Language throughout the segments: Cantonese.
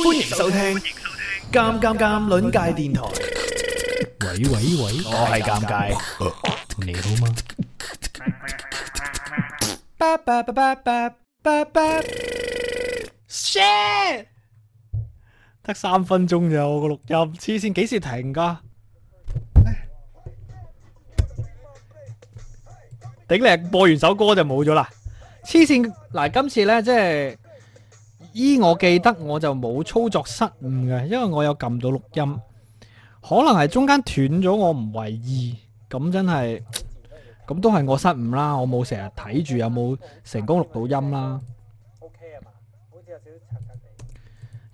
歡迎收聽《尷尷尷》鄰界電台。喂喂喂，我係尷尬，你好嗎？Shit！得三分鐘咋，我個錄音，黐線，幾時停㗎？頂你！播完首歌就冇咗啦，黐線！嗱，今次咧，即係。依我記得我就冇操作失誤嘅，因為我有撳到錄音，可能係中間斷咗我唔為意，咁真係，咁都係我失誤啦，我冇成日睇住有冇成功錄到音啦。O K 啊嘛，好似有少少殘殘哋。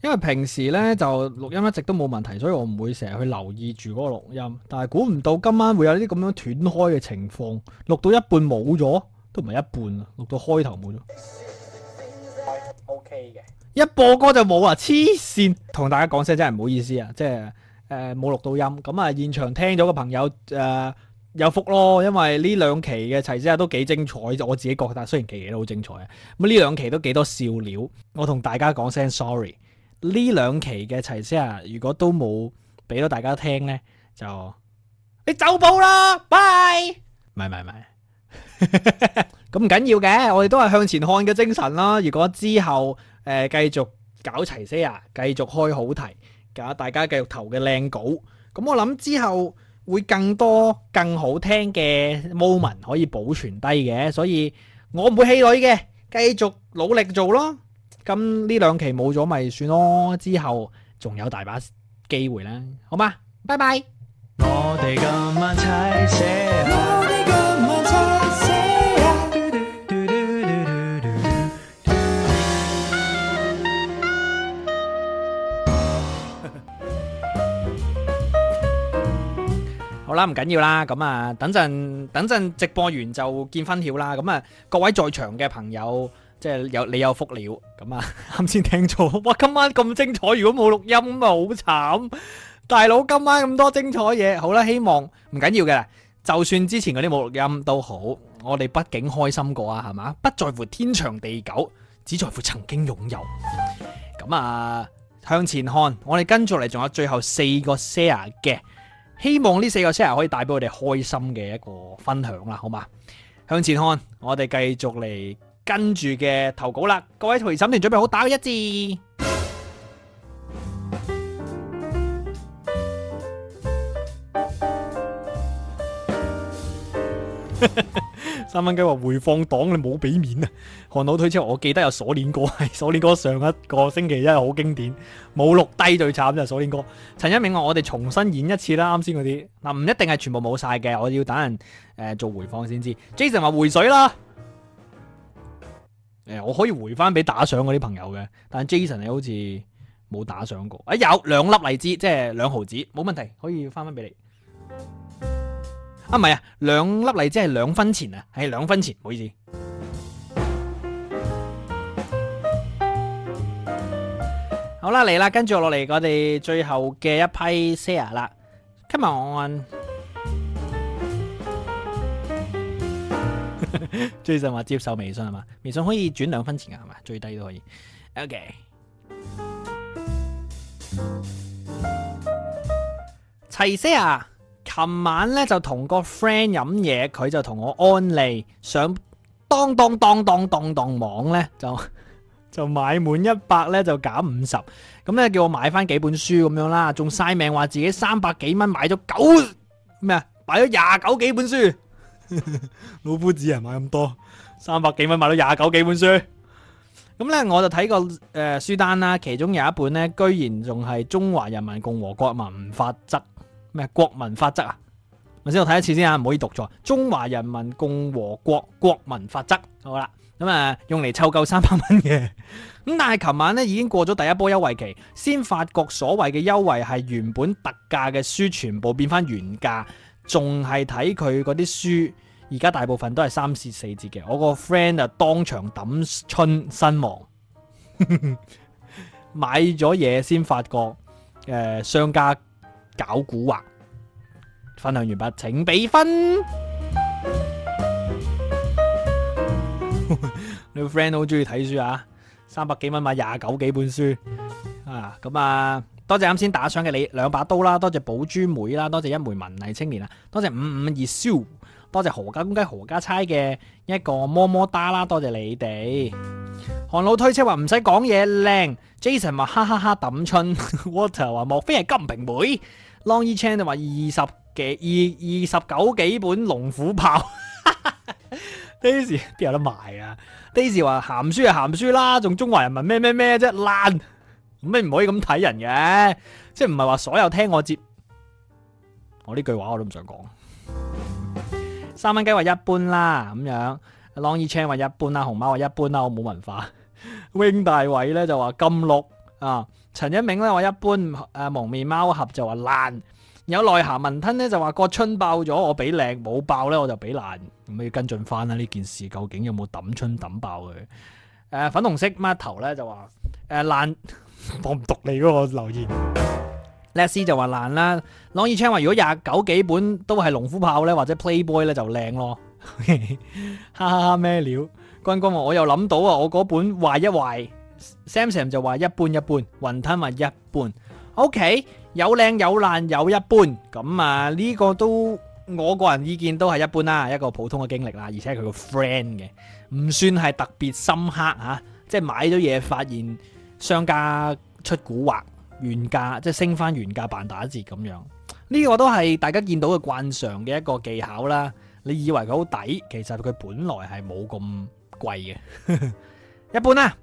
因為平時呢就錄音一直都冇問題，所以我唔會成日去留意住嗰個錄音，但係估唔到今晚會有啲咁樣斷開嘅情況，錄到一半冇咗，都唔係一半啊，錄到開頭冇咗。O K 嘅。一播歌就冇啊！黐線，同 大家講聲真係唔好意思啊，即係誒冇錄到音，咁啊現場聽咗嘅朋友誒、呃、有福咯，因為呢兩期嘅齊些牙都幾精彩，我自己覺得雖然期期都好精彩啊，咁呢兩期都幾多笑料，我同大家講聲 sorry，呢兩期嘅齊些牙如果都冇俾到大家聽呢，就你走寶啦，拜，唔係唔係唔係，咁唔緊要嘅，我哋都係向前看嘅精神啦，如果之後。誒繼續搞齊些啊！繼續開好題，架大家繼續投嘅靚稿。咁我諗之後會更多更好聽嘅 moment 可以保存低嘅，所以我唔會氣餒嘅。繼續努力做咯。咁呢兩期冇咗咪算咯，之後仲有大把機會啦。好嘛，拜拜。好啦，唔緊要啦，咁啊，等陣等陣直播完就見分曉啦。咁啊，各位在場嘅朋友，即係有你有福了。咁啊，啱先聽錯，哇，今晚咁精彩，如果冇錄音咁啊，好慘！大佬今晚咁多精彩嘢，好啦，希望唔緊要嘅，就算之前嗰啲冇錄音都好，我哋畢竟開心過啊，係嘛？不在乎天長地久，只在乎曾經擁有。咁、嗯、啊，向前看，我哋跟住嚟，仲有最後四個 share 嘅。希望呢四個車期可以帶俾我哋開心嘅一個分享啦，好嘛？向前看，我哋繼續嚟跟住嘅投稿啦。各位陪審團準備好打一字。 三蚊雞話，回放檔你冇俾面啊！韓老推車，我記得有鎖鏈歌，係鎖鏈歌，上一個星期真係好經典，冇錄低，最慘就鎖鏈歌。陳一鳴話我哋重新演一次啦，啱先嗰啲。嗱，唔一定係全部冇晒嘅，我要等人誒、呃、做回放先知。Jason 話回水啦，誒、呃、我可以回翻俾打賞嗰啲朋友嘅，但係 Jason 你好似冇打賞過，啊、哎、有兩粒荔枝，即係兩毫子，冇問題，可以翻翻俾你。啊，唔係啊，兩粒嚟即係兩分錢啊，係兩分錢，唔好意思。好啦，嚟啦，跟住落嚟，我哋最後嘅一批 share 啦 come on，最近話接受微信係嘛？微信可以轉兩分錢㗎係嘛？最低都可以，OK，齊 share。琴晚咧就同個 friend 飲嘢，佢就同我安利上當當當當當當網咧，就就買滿一百咧就減五十，咁咧叫我買翻幾本書咁樣啦，仲嘥命話自己三百幾蚊買咗九咩啊，買咗廿九幾本書。9, 本書 老夫子啊，買咁多，三百幾蚊買咗廿九幾本書。咁咧我就睇過誒書單啦，其中有一本咧，居然仲係中華人民共和國民法則。咩國民法則啊？咪先我睇一次先啊，唔可以讀錯。中華人民共和國國民法則，好啦，咁誒用嚟湊夠三百蚊嘅。咁但係琴晚呢已經過咗第一波優惠期，先發覺所謂嘅優惠係原本特價嘅書全部變翻原價，仲係睇佢嗰啲書而家大部分都係三折四折嘅。我個 friend 就當場抌春身亡， 買咗嘢先發覺誒、呃、商家。搞古惑，分享完畢，請俾分。你個 friend 好中意睇書啊，三百幾蚊買廿九幾本書啊。咁啊，多謝啱先打賞嘅你兩把刀啦，多謝寶珠妹啦，多謝一枚文藝青年啊，多謝五五熱燒，多謝何家公雞何家差嘅一個麼么噠啦，多謝你哋。韓老推車話唔使講嘢靚，Jason 話哈哈哈抌春，Water 話莫非係金瓶梅？Long E Chain 就話二十幾二二十九幾本龍虎豹，呢時邊有得賣啊？呢時話咸書就咸書啦，仲中華人民咩咩咩啫，爛，咩唔可以咁睇人嘅、啊，即係唔係話所有聽我接，我呢句話我都唔想講。三蚊雞話一般啦，咁樣 Long E Chain 話一般啦，熊貓話一般啦，我冇文化。Wing 大偉咧就話金鹿。啊。陳一鳴咧話一般，誒蒙面貓俠就話爛，有內涵文吞咧就話個春爆咗，我俾靚冇爆咧我就俾爛，咁你要跟進翻啦，呢件事究竟有冇抌春抌爆佢？誒、呃、粉紅色貓頭咧、呃、就話誒爛，我唔讀你嗰個留言。Leslie 就話爛啦，Longe Chang 話如果廿九幾本都係龍虎豹咧或者 Playboy 咧就靚咯，okay, 哈哈哈咩料？君君話我又諗到啊，我嗰本壞一壞。Samson 就話一般一般，雲吞話一般，OK，有靚有爛有一般。咁啊呢個都我個人意見都係一般啦，一個普通嘅經歷啦，而且佢個 friend 嘅，唔算係特別深刻吓、啊，即係買咗嘢發現商家出蠱惑，原價即係升翻原價扮打折咁樣，呢個都係大家見到嘅慣常嘅一個技巧啦，你以為佢好抵，其實佢本來係冇咁貴嘅，一般啦。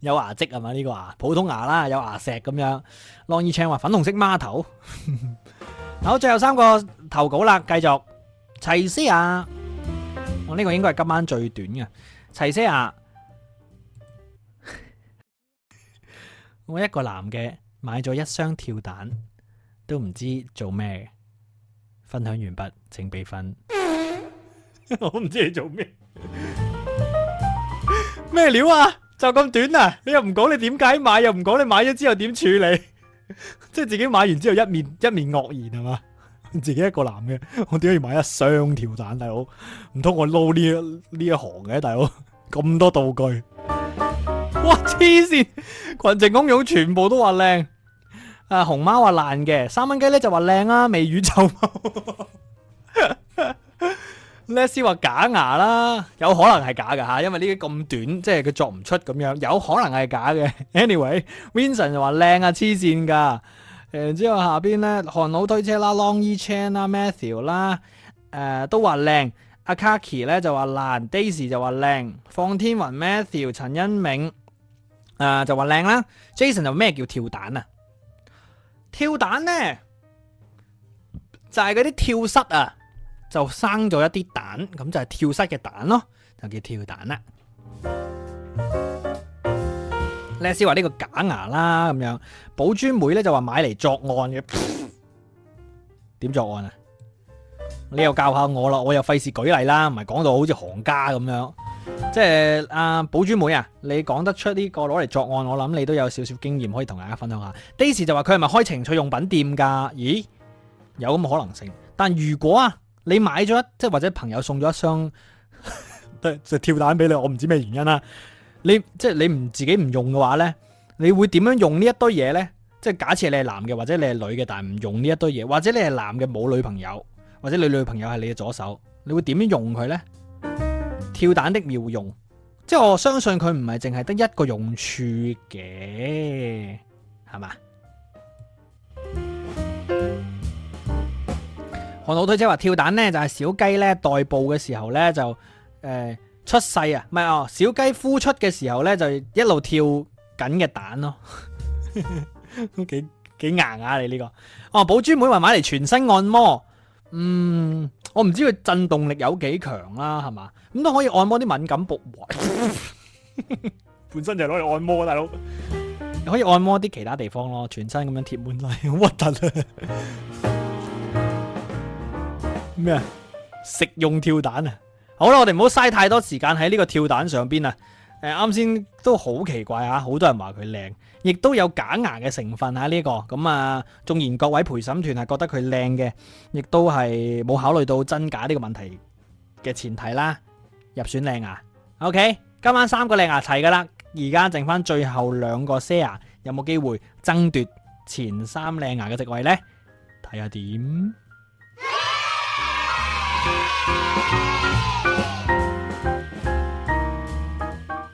有牙跡係嘛？呢、這個啊，普通牙啦，有牙石咁樣。浪意唱話粉紅色媽頭。 好，最後三個投稿啦，繼續。齊思亞。我、哦、呢、這個應該係今晚最短嘅。齊思亞， 我一個男嘅買咗一箱跳蛋，都唔知做咩。分享完畢，請俾分。 我唔知你做咩，咩 料啊？就咁短啊！你又唔講你點解買，又唔講你買咗之後點處理，即 係自己買完之後一面一面愕然係嘛？自己一個男嘅，我點解要買一箱條蛋，大佬？唔通我撈呢呢一行嘅大佬咁 多道具？哇黐線！群情洶湧全部都話靚，啊熊貓話爛嘅，三蚊雞呢就話靚啦，未宇宙。 Leslie 話假牙啦，有可能係假嘅吓，因為呢啲咁短，即係佢作唔出咁樣，有可能係假嘅。Anyway，Vincent 就話靚啊，黐線㗎。然之後下邊咧，韓佬推車啦，Long E Chain 啦，Matthew 啦，誒、呃、都話靚。阿 Ak Kaki 咧就話爛，Daisy 就話靚。放天雲、Matthew 陳、陳恩明誒就話靚啦。Jason 就咩叫跳蛋啊？跳蛋咧就係嗰啲跳蚤啊！就生咗一啲蛋，咁就係跳虱嘅蛋咯，就叫跳蛋啦。Leslie 話呢個假牙啦，咁樣寶珠妹咧就話買嚟作案嘅，點 作案啊？你又教下我咯，我又費事舉例啦，唔係講到好似行家咁樣。即係阿寶珠妹啊，你講得出呢個攞嚟作案，我諗你都有少少經驗可以同大家分享下。Daisy 就話佢係咪開情趣用品店噶？咦，有咁嘅可能性？但如果啊？你買咗一即係或者朋友送咗一雙跳蛋俾你，我唔知咩原因啦，啊。你即係你唔自己唔用嘅話呢，你會點樣用呢一堆嘢呢？即係假設你係男嘅或者你係女嘅，但係唔用呢一堆嘢，或者你係男嘅冇女朋友，或者你女朋友係你嘅左手，你會點樣用佢呢？跳蛋的妙用，即係我相信佢唔係淨係得一個用處嘅，係嘛？我老推車話跳蛋咧就係小雞咧代步嘅時候咧就誒出世啊，唔係哦，小雞孵出嘅時候咧就一路跳緊嘅蛋咯，都幾幾硬啊你呢個哦，寶珠妹話買嚟全身按摩，嗯，我唔知佢震動力有幾強啦，係嘛，咁都可以按摩啲敏感部位，本身就攞嚟按摩啊，大佬，你可以按摩啲其他地方咯，全身咁樣貼滿晒，好核突啊！咩啊？食用跳蛋啊！好啦，我哋唔好嘥太多時間喺呢個跳蛋上邊啊！誒、呃，啱先都好奇怪啊，好多人話佢靚，亦都有假牙嘅成分吓呢、啊，這個。咁啊，縱然各位陪審團係覺得佢靚嘅，亦都係冇考慮到真假呢個問題嘅前提啦。入選靚牙，OK，今晚三個靚牙齊噶啦，而家剩翻最後兩個 share，有冇機會爭奪前三靚牙嘅席位呢？睇下點。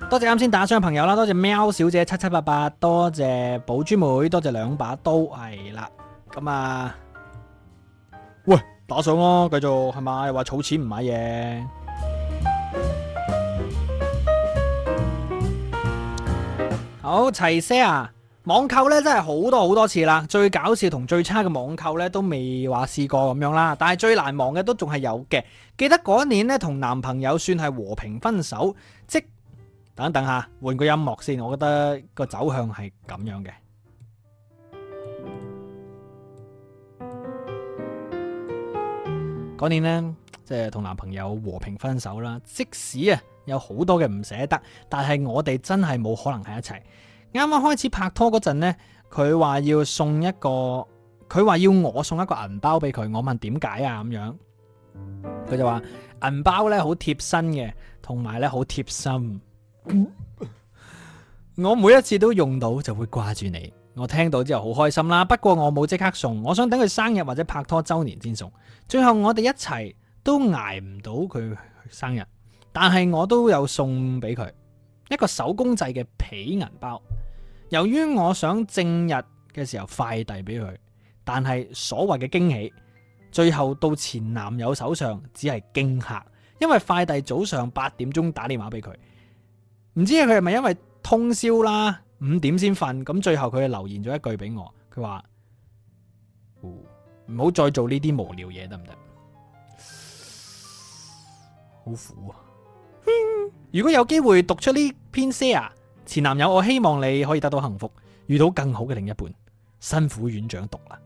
多謝啱先打賞嘅朋友啦，多謝喵小姐七七八八，多謝寶珠妹，多謝兩把刀係啦，咁啊，喂，打賞咯、啊，繼續係咪？又話儲錢唔買嘢，好齊些啊！網購咧真係好多好多次啦，最搞笑同最差嘅網購咧都未話試過咁樣啦，但係最難忘嘅都仲係有嘅。記得嗰一年咧同男朋友算係和平分手，即，等一等，下換個音樂先，我覺得個走向係咁樣嘅。嗰 年呢，即係同男朋友和平分手啦，即使啊有好多嘅唔捨得，但係我哋真係冇可能喺一齊。啱啱開始拍拖嗰陣呢，佢話要送一個，佢話要我送一個銀包俾佢。我問點解啊？咁樣，佢就話銀包呢好貼身嘅，同埋呢好貼心。 我每一次都用到就會掛住你。我聽到之後好開心啦。不過我冇即刻送，我想等佢生日或者拍拖週年先送。最後我哋一齊都挨唔到佢生日，但係我都有送俾佢一個手工製嘅皮銀包。由於我想正日嘅時候快遞俾佢，但係所謂嘅驚喜，最後到前男友手上只係驚嚇，因為快遞早上八點鐘打電話俾佢，唔知佢係咪因為通宵啦，五點先瞓，咁最後佢留言咗一句俾我，佢話唔好再做呢啲無聊嘢得唔得？好苦啊！ 如果有機會讀出呢篇詩啊！前男友，我希望你可以得到幸福，遇到更好嘅另一半。辛苦院長讀啦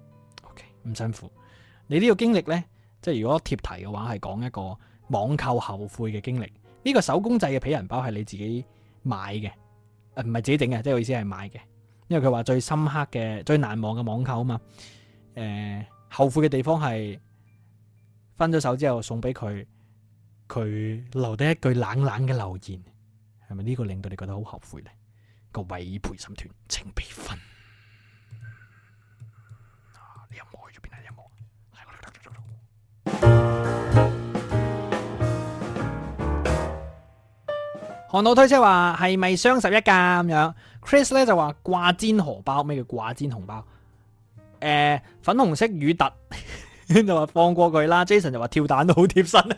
，OK，唔辛苦。你呢個經歷呢，即係如果貼題嘅話，係講一個網購後悔嘅經歷。呢、這個手工製嘅皮人包係你自己買嘅，呃、唔係自己整嘅，即係我意思係買嘅。因為佢話最深刻嘅、最難忘嘅網購啊嘛。誒、呃，後悔嘅地方係分咗手之後送俾佢，佢留低一句冷冷嘅留言。係咪呢個令到你覺得好後悔呢？個委陪審團請俾分。啊，你有冇去咗邊啊？有冇？韓老 推車話係咪雙十一噶咁樣？Chris 咧就話掛尖荷包，咩叫掛尖紅包？誒、呃，粉紅色乳突， 就話放過佢啦。Jason 就話跳蛋都好貼身。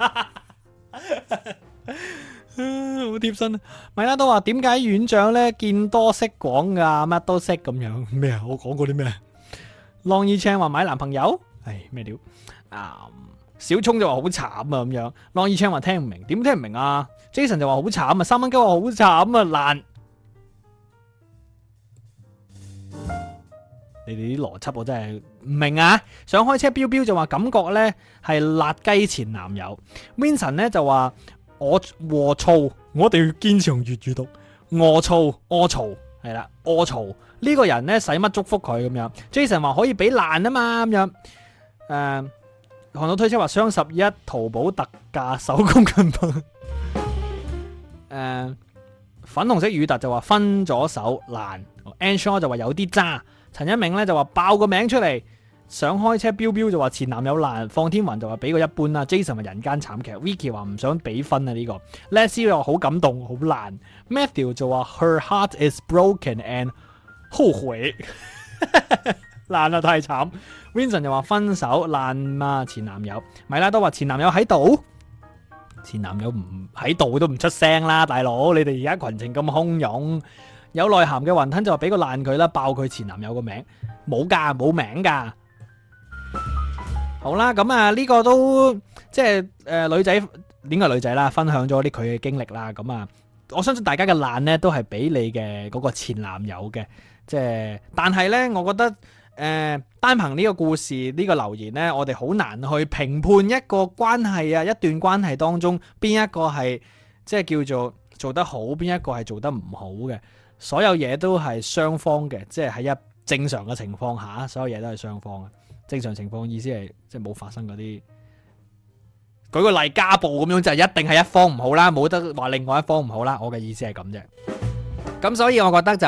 好貼身啊！咪啦都話點解院長咧見多識講噶、啊，乜都識咁樣咩啊？我講過啲咩？Longer Chang 話買男朋友，唉咩料、嗯、啊？小聰就話好慘啊咁樣，Longer Chang 話聽唔明，點聽唔明啊？Jason 就話好慘啊，三蚊雞話好慘啊爛，你哋啲邏輯我真係唔明啊！想開車彪彪就話感覺咧係辣雞前男友，Vincent 咧就話。我臥槽！我哋要堅持用粵語讀臥槽臥槽係啦臥槽，呢個人咧使乜祝福佢咁樣？Jason 話可以俾爛啊嘛咁樣，誒、呃，看到推測話雙十一淘寶特價手工品，誒、 呃，粉紅色羽達就話分咗手爛，Anshao 就話有啲渣，陳一鳴咧就話爆個名出嚟。想開車飆飆就話前男友爛，放天雲就話俾個一般啦。Jason 係人間慘劇，Vicky 話唔想俾分啊呢、呢個。Leslie 又話好感動，好爛。Matthew 就話 Her heart is broken and 後悔， 爛啊太慘。Vincent 就話分手爛嘛、啊、前男友。米拉都話前男友喺度，前男友唔喺度都唔出聲啦，大佬。你哋而家群情咁洶湧，有內涵嘅雲吞就話俾個爛佢啦，爆佢前男友個名，冇噶冇名噶。好啦，咁啊呢個都即係誒、呃、女仔呢個女仔啦，分享咗啲佢嘅經歷啦。咁啊，我相信大家嘅難咧都係畀你嘅嗰個前男友嘅，即係但係咧，我覺得誒、呃、單憑呢個故事呢、這個留言咧，我哋好難去評判一個關係啊，一段關係當中邊一個係即係叫做做得好，邊一個係做得唔好嘅，所有嘢都係雙方嘅，即係喺一正常嘅情況下，所有嘢都係雙方嘅正常情況意思係即係冇發生嗰啲，舉個例家暴咁樣就係一定係一方唔好啦，冇得話另外一方唔好啦。我嘅意思係咁啫。咁所以我覺得就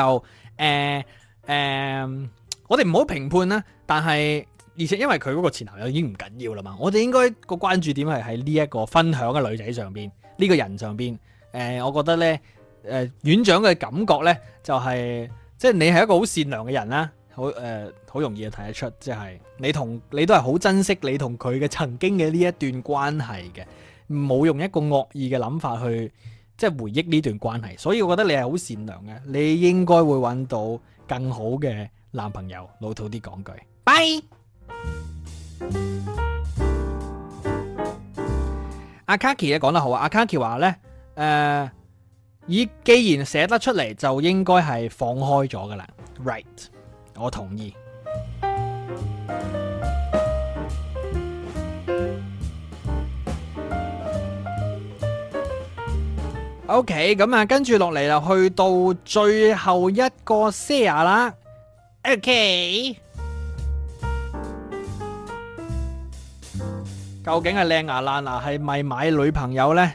誒、誒，我哋唔好評判啦。但係而且因為佢嗰個前男友已經唔緊要啦嘛，我哋應該個關注點係喺呢一個分享嘅女仔上邊，呢個人上邊。誒，我覺得呢，誒，院長嘅感覺呢就係即係你係一個好善良嘅人啦。好誒，好、呃、容易睇得出，即、就、係、是、你同你都係好珍惜你同佢嘅曾經嘅呢一段關係嘅，唔好用一個惡意嘅諗法去即係、就是、回憶呢段關係，所以我覺得你係好善良嘅，你應該會揾到更好嘅男朋友。老土啲講句，Bye。阿 Kaki 咧講得好啊，阿 Ak Kaki 話呢，誒、呃，咦，既然寫得出嚟，就應該係放開咗噶啦，right。我同意。OK，咁啊，跟住落嚟就去到最後一個 share 啦。OK，究竟係靚牙爛牙係咪買女朋友呢？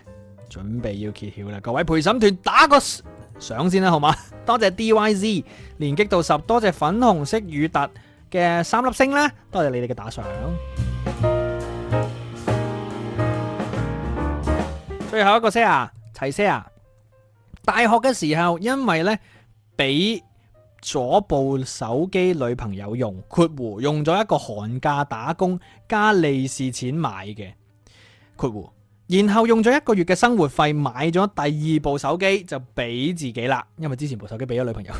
準備要揭曉啦！各位陪審團，打個～上先啦，好嘛？多謝 DYZ 連激到十多隻粉紅色羽達嘅三粒星啦。多謝你哋嘅打賞。 最後一個 share 呀，齊 share 呀，大學嘅時候，因為呢，俾咗部手機女朋友用，括弧用咗一個寒假打工加利是錢買嘅，括弧。 然後用咗一個月嘅生活費買咗第二部手機就俾自己啦，因為之前部手機俾咗女朋友，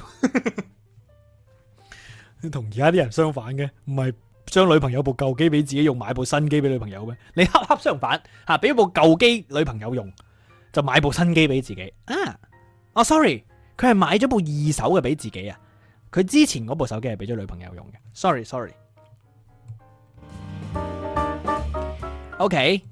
同而家啲人相反嘅，唔係將女朋友部舊機俾自己用，買部新機俾女朋友咩？你恰恰相反吓，俾、啊、部舊機女朋友用，就買部新機俾自己啊！哦，sorry，佢係買咗部二手嘅俾自己啊，佢之前嗰部手機係俾咗女朋友用嘅，sorry，sorry，ok。Sorry, sorry. Okay.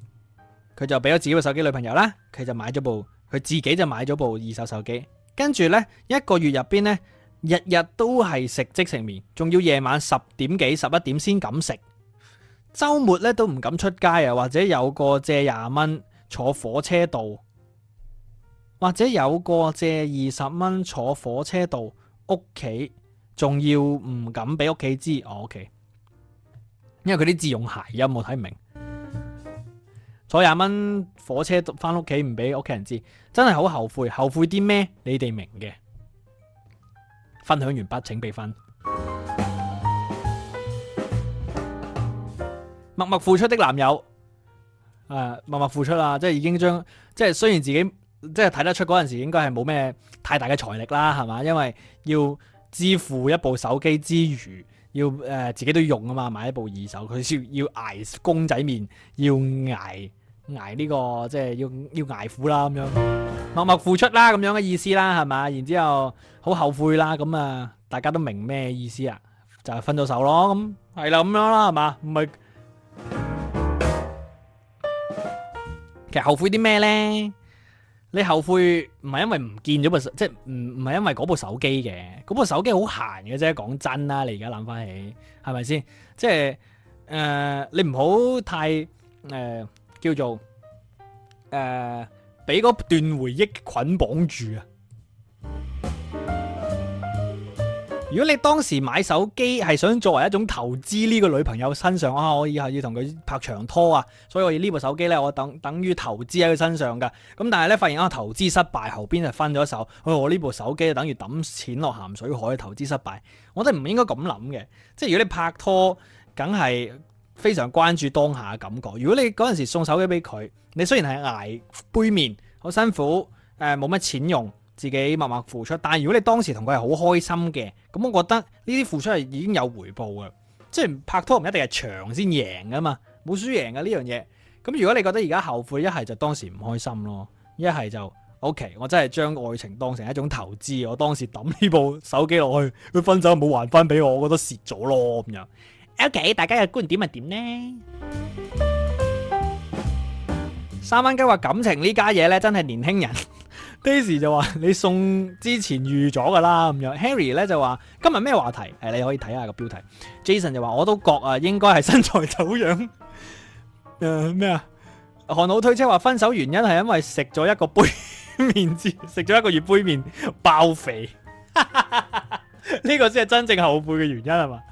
佢就俾咗自己部手機女朋友啦，佢就買咗部，佢自己就買咗部二手手機。跟住呢，一個月入邊呢，日日都係食即食麵，仲要夜晚十點幾、十一點先敢食。週末呢都唔敢出街啊，或者有個借廿蚊坐火車到，或者有個借二十蚊坐火車到屋企，仲要唔敢俾屋企知我屋企，哦、okay，因為佢啲自用鞋音，我睇唔明。坐廿蚊火車翻屋企唔俾屋企人知，真係好後悔。後悔啲咩？你哋明嘅。分享完畢，請備分。默默付出的男友，呃、默默付出啦，即係已經將，即係雖然自己，即係睇得出嗰陣時應該係冇咩太大嘅財力啦，係嘛？因為要支付一部手機之餘，要誒、呃、自己都要用啊嘛，買一部二手，佢要要挨公仔麵，要挨。捱呢個即係要要捱苦啦咁樣，默默付出啦咁樣嘅意思啦，係嘛？然之後好後悔啦，咁啊，大家都明咩意思啊？就係、係、分咗手咯，咁係啦，咁樣啦，係嘛？唔係，其實後悔啲咩咧？你後悔唔係因為唔見咗部，即係唔唔係因為嗰部手機嘅？嗰部手機好閒嘅啫，講真啦，你而家諗翻起係咪先？即係誒、呃，你唔好太誒。呃叫做誒，俾、呃、嗰段回憶捆綁住啊！如果你當時買手機係想作為一種投資，呢個女朋友身上啊，我以後要同佢拍長拖啊，所以我呢部手機呢，我等等於投資喺佢身上嘅。咁但係咧，發現、啊、投資失敗，後邊就分咗手。哎、我呢部手機就等於抌錢落鹹水海，投資失敗，我哋唔應該咁諗嘅。即係如果你拍拖，梗係～非常關注當下嘅感覺。如果你嗰陣時送手機俾佢，你雖然係捱杯麪，好辛苦，誒冇乜錢用，自己默默付出。但係如果你當時同佢係好開心嘅，咁我覺得呢啲付出係已經有回報嘅。即係拍拖唔一定係長先贏㗎嘛，冇輸贏嘅呢樣嘢。咁如果你覺得而家後悔，一係就當時唔開心咯，一係就 OK，我真係將愛情當成一種投資。我當時抌呢部手機落去，佢分手冇還翻俾我，我覺得蝕咗咯咁樣。O、okay, K，大家嘅觀點係點呢？三蚊雞話感情這家呢家嘢呢真係年輕人。Daisy 就話你送之前預咗㗎啦，咁樣。Harry 呢就話今日咩話題？誒、哎，你可以睇下個標題。Jason 就話我都覺得啊，應該係身材走樣。誒 咩、呃、啊？韓老推車話分手原因係因為食咗一個杯麵，食 咗一個月杯麵爆肥。呢 個先係真正後悔嘅原因係嘛？是吧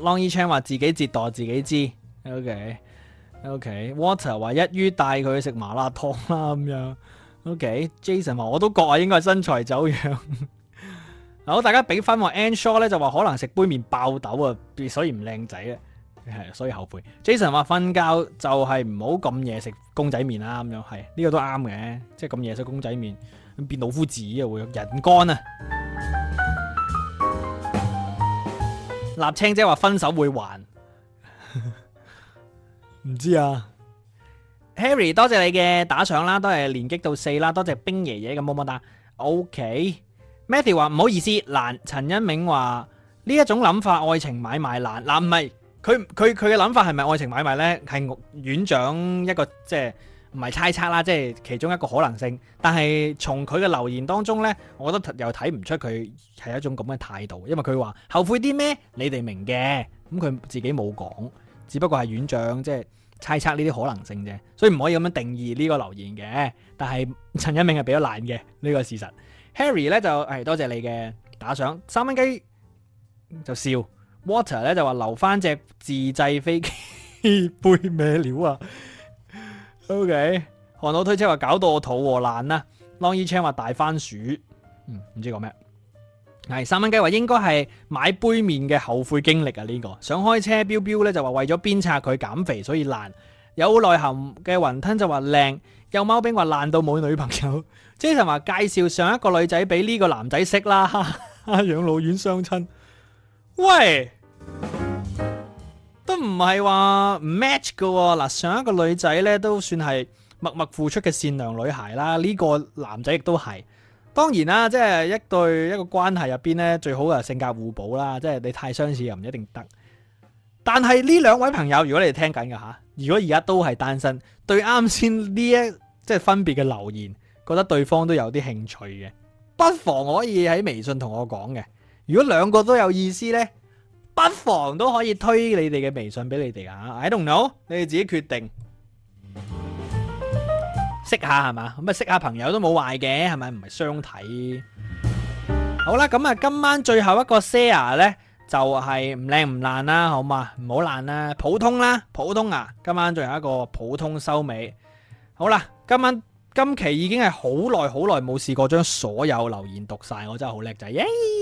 Longi Chan 話自己折墮自己知，OK，OK。Okay, okay. Water 話一於帶佢去食麻辣燙啦咁樣，OK。Jason 話我都覺啊，應該係身材走樣。 好，大家俾翻話 Ansho r 咧，就話可能食杯麵爆痘啊，所以唔靚仔啊，係所以後悔。Jason 話瞓覺就係唔好咁夜食公仔麵啦，咁樣係呢個都啱嘅，即係咁夜食公仔麵變老夫子啊，會人乾啊。立青姐話分手會還，唔 知道啊。Harry 多謝你嘅打賞啦，都係連擊到四啦，多謝冰爺爺嘅麼么噠。OK，Matthew、okay. 話唔好意思，難陳恩銘話呢一種諗法愛情買賣難，嗱唔係佢佢佢嘅諗法係咪愛情買賣呢？係院長一個即係。唔係猜測啦，即係其中一個可能性。但係從佢嘅留言當中呢，我覺得又睇唔出佢係一種咁嘅態度，因為佢話後悔啲咩？你哋明嘅，咁佢自己冇講，只不過係院長即係猜測呢啲可能性啫。所以唔可以咁樣定義呢個留言嘅。但係陳一明係比較難嘅呢個事實。Harry 呢就係、哎、多謝你嘅打賞三蚊雞就笑。Water 咧就話留翻隻自製飛機杯咩料啊！O.K.，韓佬推車話搞到我肚餓爛啦。Long E Chang 話大番薯，唔、嗯、知講咩。係三蚊雞話應該係買杯麵嘅後悔經歷啊！呢、這個想開車飆飆咧就話為咗鞭策佢減肥所以爛。有內涵嘅雲吞就話靚。有貓餅話爛到冇女朋友。 Jason 話介紹上一個女仔俾呢個男仔識啦，養 老院相親。喂！唔係話 match 噶，嗱，上一個女仔呢，都算係默默付出嘅善良女孩啦，呢個男仔亦都係。當然啦，即係一對一個關係入邊呢，最好係性格互補啦，即係你太相似又唔一定得。但係呢兩位朋友，如果你聽緊嘅吓，如果而家都係單身，對啱先呢一即係分別嘅留言，覺得對方都有啲興趣嘅，不妨可以喺微信同我講嘅。如果兩個都有意思呢，不妨都可以推你哋嘅微信俾你哋啊，I don't know，你哋自己決定識下係嘛，咁啊識下朋友都冇壞嘅，係咪唔係相睇？好啦，咁啊今晚最後一個 share 呢，就係唔靚唔爛啦，好嘛，唔好爛啦，普通啦，普通啊，今晚最後一個普通收尾。好啦，今晚今期已經係好耐好耐冇試過將所有留言讀晒，我真係好叻仔。Yay!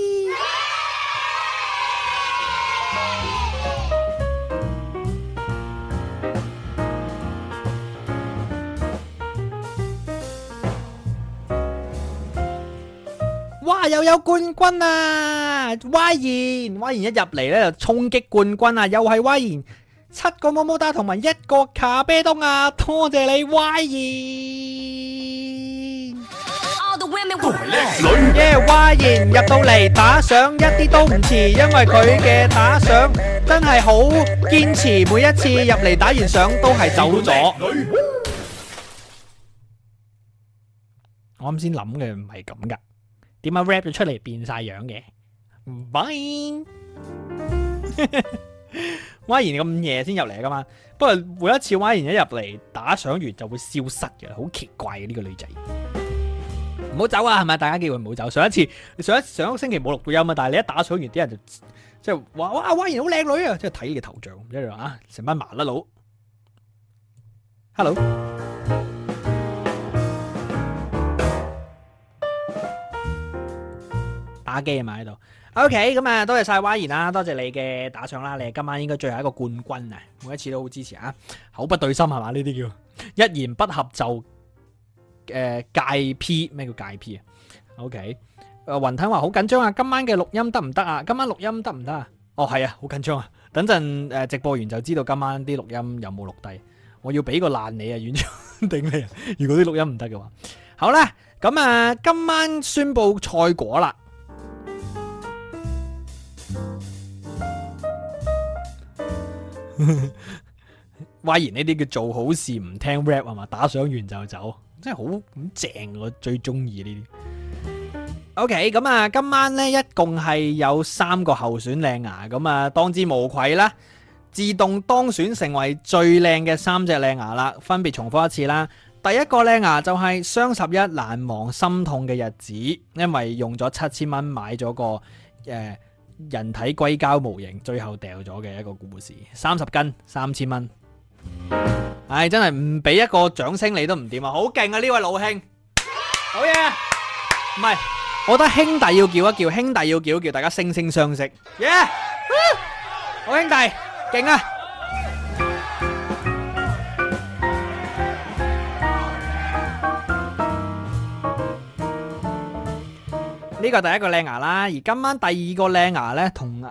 啊！又有冠軍啊！威賢，威賢一入嚟咧就衝擊冠軍啊！又係威賢，七個摩摩打同埋一個卡比東啊！多謝你威賢。耶，威賢入到嚟打賞一啲都唔遲，因為佢嘅打賞真係好堅持，每一次入嚟打完賞都係走咗。我啱先諗嘅唔係咁噶。點解 rap 咗出嚟變晒樣嘅？唔明。Yan 咁夜先入嚟噶嘛？不過每一次 Yan 一入嚟打賞完就會消失嘅，好奇怪嘅、啊、呢、這個女仔。唔好走啊，係咪？大家叫佢唔好走。上一次，上一上一星期冇錄到音啊，但係你一打賞完啲人就即係話哇 Yan 好靚女啊，即係睇嘅頭像唔一樣啊，成班麻甩佬。Hello。打機啊嘛喺度，OK，咁啊多謝晒蛙言啦，多謝你嘅打賞啦，你今晚應該最後一個冠軍啊，每一次都好支持啊，口不對心係嘛呢啲叫一言不合就誒、呃、界 P，咩叫界 P 啊？OK，誒雲吞話好緊張啊，今晚嘅錄音得唔得啊？今晚錄音得唔得啊？哦係啊，好緊張啊，等陣誒、呃、直播完就知道今晚啲錄音有冇錄低，我要俾個爛你啊，軟頂你啊，如果啲錄音唔得嘅話，好啦，咁啊今晚宣布賽果啦。嘩然呢啲叫做好事，唔聽 rap 係嘛，打賞完就走，真係好咁正，我最中意呢啲。OK，咁啊，今晚呢，一共係有三個候選靚牙，咁啊當之無愧啦，自動當選成為最靚嘅三隻靚牙啦。分別重複一次啦，第一個靚牙就係雙十一難忘心痛嘅日子，因為用咗七千蚊買咗個誒。呃人體硅膠模型最後掉咗嘅一個故事，三十斤三千蚊，唉，真係唔俾一個掌聲你都唔掂啊！好勁啊呢位老兄，好嘢！唔係，我覺得兄弟要叫一叫，兄弟要叫一叫，大家惺惺相惜，耶，好兄弟，勁啊！呢個第一個靚牙啦，而今晚第二個靚牙呢，同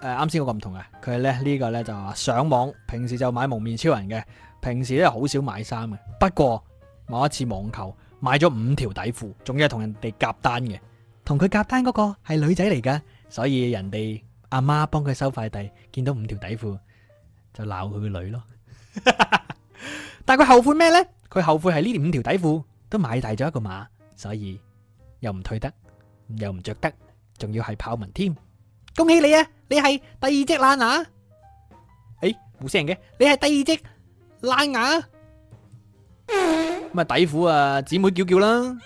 呃啱先嗰個唔同嘅。佢咧呢、呢個呢，就話上網，平時就買蒙面超人嘅，平時咧好少買衫嘅。不過某一次網購買咗五條底褲，仲要係同人哋夾單嘅。同佢夾單嗰個係女仔嚟㗎，所以人哋阿媽幫佢收快遞，見到五條底褲就鬧佢個女咯。 但佢後悔咩呢？佢後悔係呢五條底褲都買大咗一個碼，所以又唔退得。又唔着得，仲要係豹紋添。恭喜你啊，你係第二隻爛牙。誒，冇聲嘅，你係第二隻爛牙。咁啊底褲啊，姊妹叫叫啦。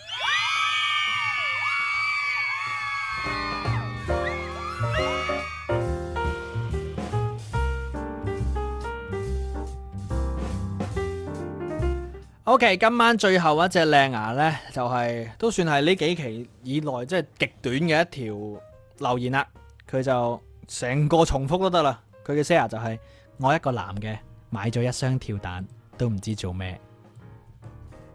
O、okay, K，今晚最後一隻靚牙呢，就係、是、都算係呢幾期以來即係極短嘅一條留言啦。佢就成個重複都得啦。佢嘅 say 就係、是、我一個男嘅買咗一箱跳蛋，都唔知道做咩。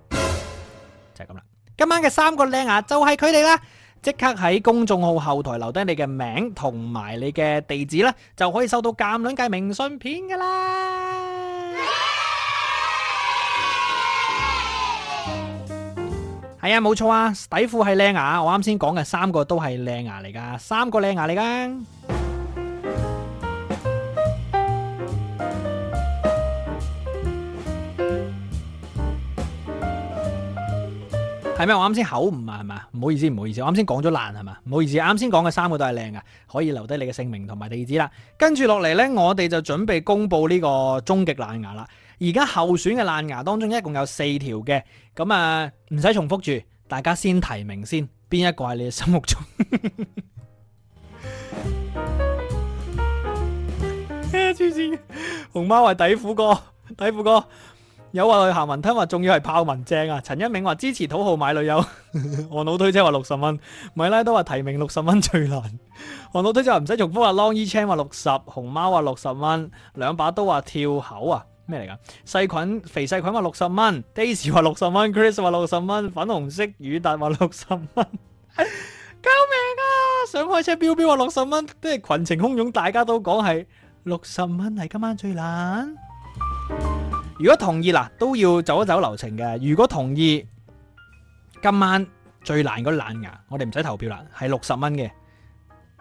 就係咁啦。今晚嘅三個靚牙就係佢哋啦。即刻喺公眾號後台留低你嘅名同埋你嘅地址啦，就可以收到鑑兩計明信片噶啦。冇錯啊，底褲係靚牙。我啱先講嘅三個都係靚牙嚟噶，三個靚牙嚟噶。係咩？我啱先口誤啊，係嘛？唔好意思，唔好意思，我啱先講咗爛，係嘛？唔好意思，啱先講嘅三個都係靚牙。可以留低你嘅姓名同埋地址啦。跟住落嚟呢，我哋就準備公布呢個終極爛牙啦。而家候選嘅爛牙當中一共有四條嘅，咁啊唔使重複住，大家先提名先，邊一個喺你嘅心目中？黐 線、哎，紅貓係底虎哥，底虎哥有話去行文攤，話仲要係豹文正啊。陳一鳴話支持土豪買女友，憨 佬推車話六十蚊，米拉都話提名六十蚊最難，憨佬推車話唔使重複啊。Long E Chang 話六十，紅貓話六十蚊，兩把都話跳口啊。咩嚟噶？細菌肥細菌話六十蚊，Daisy 話六十蚊，Chris 話六十蚊，粉紅色魚蛋話六十蚊， 救命啊！上開車飆飆話六十蚊，即係群情洶湧，大家都講係六十蚊係今晚最懶。 如果同意嗱，都要走一走流程嘅。如果同意，今晚最懶個懶牙，我哋唔使投票啦，係六十蚊嘅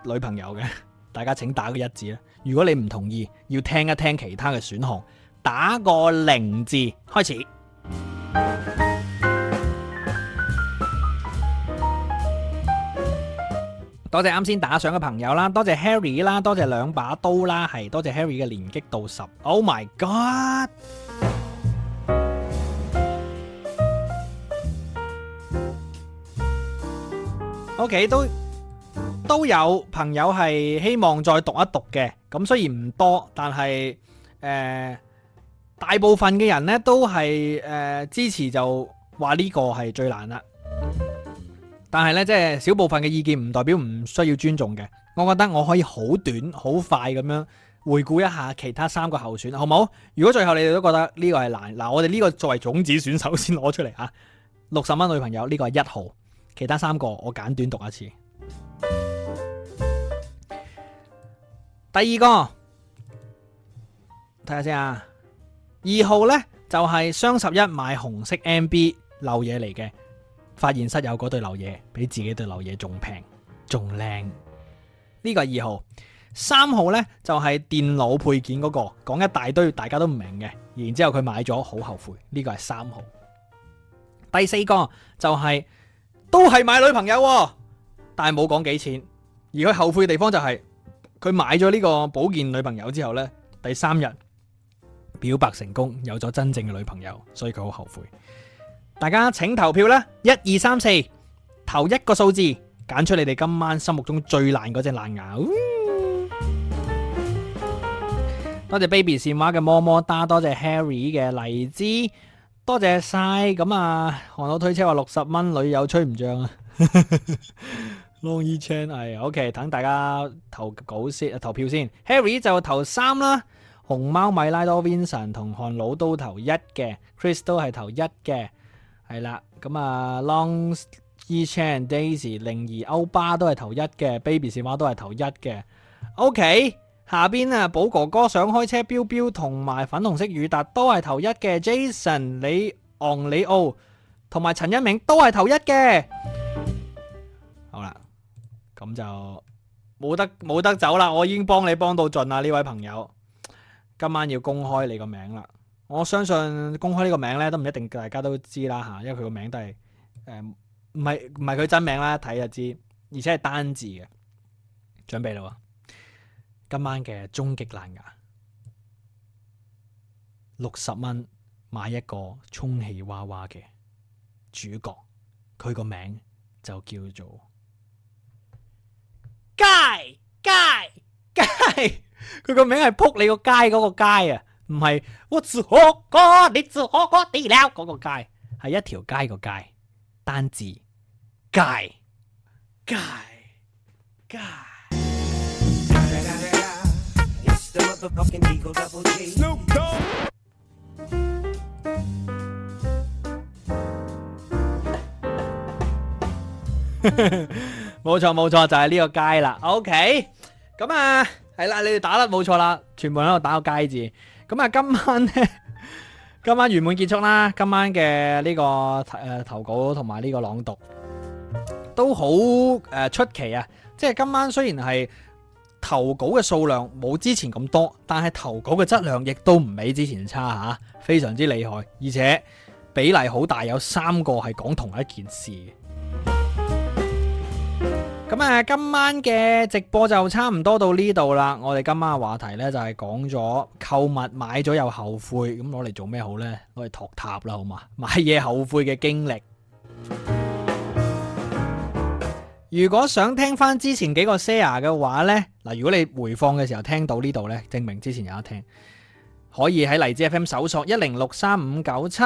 女朋友嘅，大家請打個一字啦。如果你唔同意，要聽一聽其他嘅選項。打個零字開始。多謝啱先打賞嘅朋友啦，多謝 Harry 啦，多謝兩把刀啦，係多謝 Harry 嘅連擊到十。Oh my god！OK，都都有朋友係希望再讀一讀嘅，咁，雖然唔多，但係誒。大部分嘅人呢都係誒、呃、支持就話呢個係最難啦，但係呢，即、就、係、是、小部分嘅意見唔代表唔需要尊重嘅。我覺得我可以好短好快咁樣回顧一下其他三個候選，好唔好？如果最後你哋都覺得呢個係難嗱，我哋呢個作為種子選手先攞出嚟啊！六十蚊女朋友呢、呢個係一號，其他三個我簡短讀一次。第二個睇下先啊！看看二號呢，就係、是、雙十一買紅色 MB 漏嘢嚟嘅，發現室友嗰對漏嘢比自己對漏嘢仲平仲靚，呢、這個係二號。三號呢，就係、是、電腦配件嗰、那個講一大堆大家都唔明嘅，然之後佢買咗好後悔，呢、這個係三號。第四個就係、是、都係買女朋友、哦，但係冇講幾錢，而佢後悔嘅地方就係、是、佢買咗呢個保健女朋友之後呢，第三日。表白成功，有咗真正嘅女朋友，所以佢好後悔。大家請投票啦！一二三四，投一個數字，揀出你哋今晚心目中最爛嗰隻爛牙。多謝 baby 善話嘅麼麼噠，多謝 Harry 嘅荔枝，多謝晒。咁啊，看到推車話六十蚊，女友吹唔漲啊。 Longie Chan，哎呀，okay，等大家投票先，投票先。Harry 就投三啦。熊貓米拉多 Vinson 同韓老都投一嘅 Crystal 都係投一嘅係啦，咁啊 Long e Chain Daisy 零二歐巴都係投一嘅 Baby 小貓都係投一嘅，OK 下邊啊寶哥哥想開車標標同埋粉紅色羽達都係投一嘅 Jason 李昂李奧同埋陳一鳴都係投一嘅，好啦，咁就冇得冇得走啦，我已經幫你幫到盡啦呢位朋友。今晚要公開你個名啦！我相信公開呢個名咧都唔一定大家都知啦吓，因為佢個名都係誒唔係唔係佢真名啦，一睇就知，而且係單字嘅準備啦。今晚嘅終極爛牙六十蚊買一個充氣娃娃嘅主角，佢個名就叫做「街街街」。佢個名係撲你個街嗰個街啊，唔係我煮火鍋，你煮火鍋地漏嗰個街係一條街個街，單字街街街。冇錯冇錯，就係呢個街啦。OK，咁啊。係啦，你哋打得冇錯啦，全部喺度打個街字。咁啊，今晚咧，今晚圓滿結束啦。今晚嘅呢個誒投稿同埋呢個朗讀都好誒、呃、出奇啊！即係今晚雖然係投稿嘅數量冇之前咁多，但係投稿嘅質量亦都唔比之前差啊，非常之厲害。而且比例好大，有三個係講同一件事。咁啊，今晚嘅直播就差唔多到呢度啦。我哋今晚嘅話題咧就係講咗購物買咗又後悔，咁攞嚟做咩好呢？攞嚟托塔啦，好嘛？買嘢後悔嘅經歷。如果想聽翻之前幾個 share 嘅話呢，嗱，如果你回放嘅時候聽到呢度呢，證明之前有得聽，可以喺荔枝 FM 搜索一零六三五九七。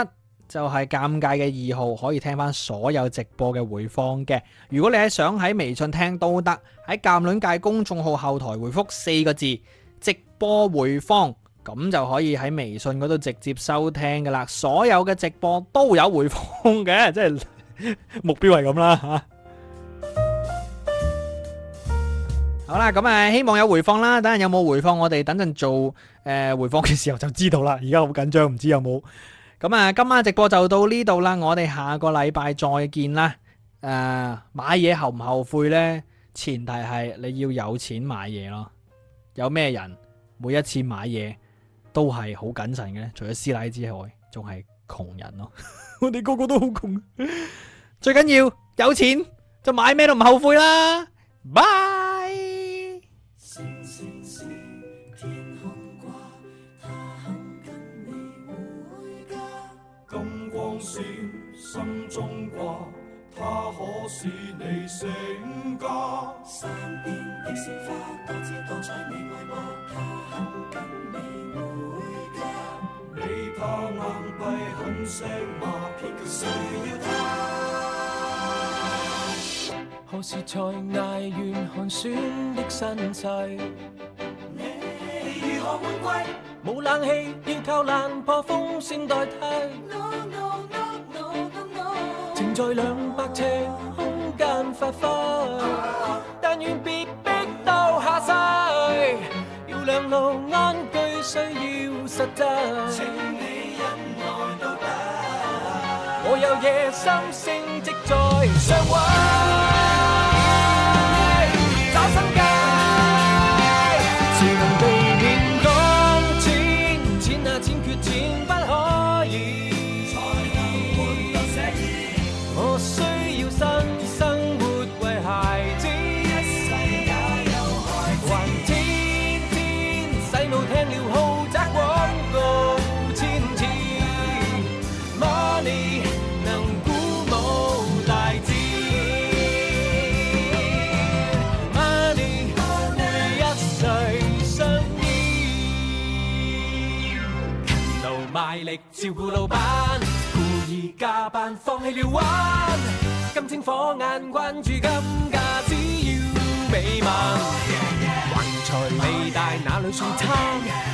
就係尷尬嘅二號，可以聽翻所有直播嘅回放嘅。如果你係想喺微信聽都得，喺鑒卵界公眾號後台回復四個字直播回放，咁就可以喺微信嗰度直接收聽噶啦。所有嘅直播都有回放嘅，即係目標係咁啦吓。好啦，咁啊希望有回放啦。等陣有冇回放，我哋等陣做誒回放嘅時候就知道啦。而家好緊張，唔知有冇。咁啊，今晚直播就到呢度啦，我哋下個禮拜再見啦。誒、啊，買嘢後唔後悔呢？前提係你要有錢買嘢咯。有咩人每一次買嘢都係好謹慎嘅呢？除咗師奶之外，仲係窮人咯。 我哋個個都好窮，最緊要有錢就買咩都唔後悔啦。bye。心中掛，他可使你成家。山邊的鮮花，多姿多彩，你愛嗎？他肯跟你回家？你怕硬幣很聲罵，偏偏需要他。何時才捱完寒酸的身世？你如何換季？冇冷氣，要靠爛破風扇代替。情在兩百尺空間發揮，但願別逼到下世。要兩路安居，需要實際，請你忍耐到底。我有野心，升職在上位。照顧老闆，故意加班，放棄了玩。金睛火眼關注金價，只要美滿。橫財未大，oh、yeah, 哪裏算餐，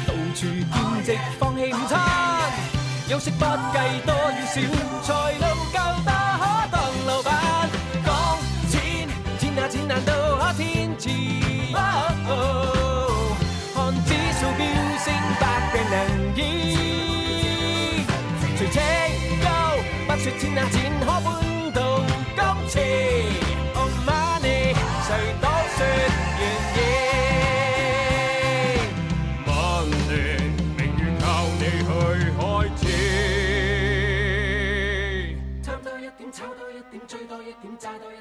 到、oh、yeah, 處兼職，放棄午餐。Oh、yeah, 休息不計、oh、yeah, 多與少才，才到。說天啊，錢可搬到金錢，Oh money 誰都說願意？晚年明運靠你去開始，多一點，多一點，追多一點，揸多一。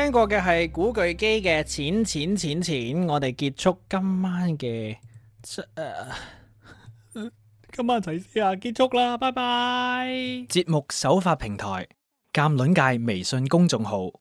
聽過嘅係古巨基嘅《錢錢錢錢》，我哋結束今晚嘅，誒，今晚齊些牙，結束啦，拜拜。節目首發平台：鑒論界微信公眾號。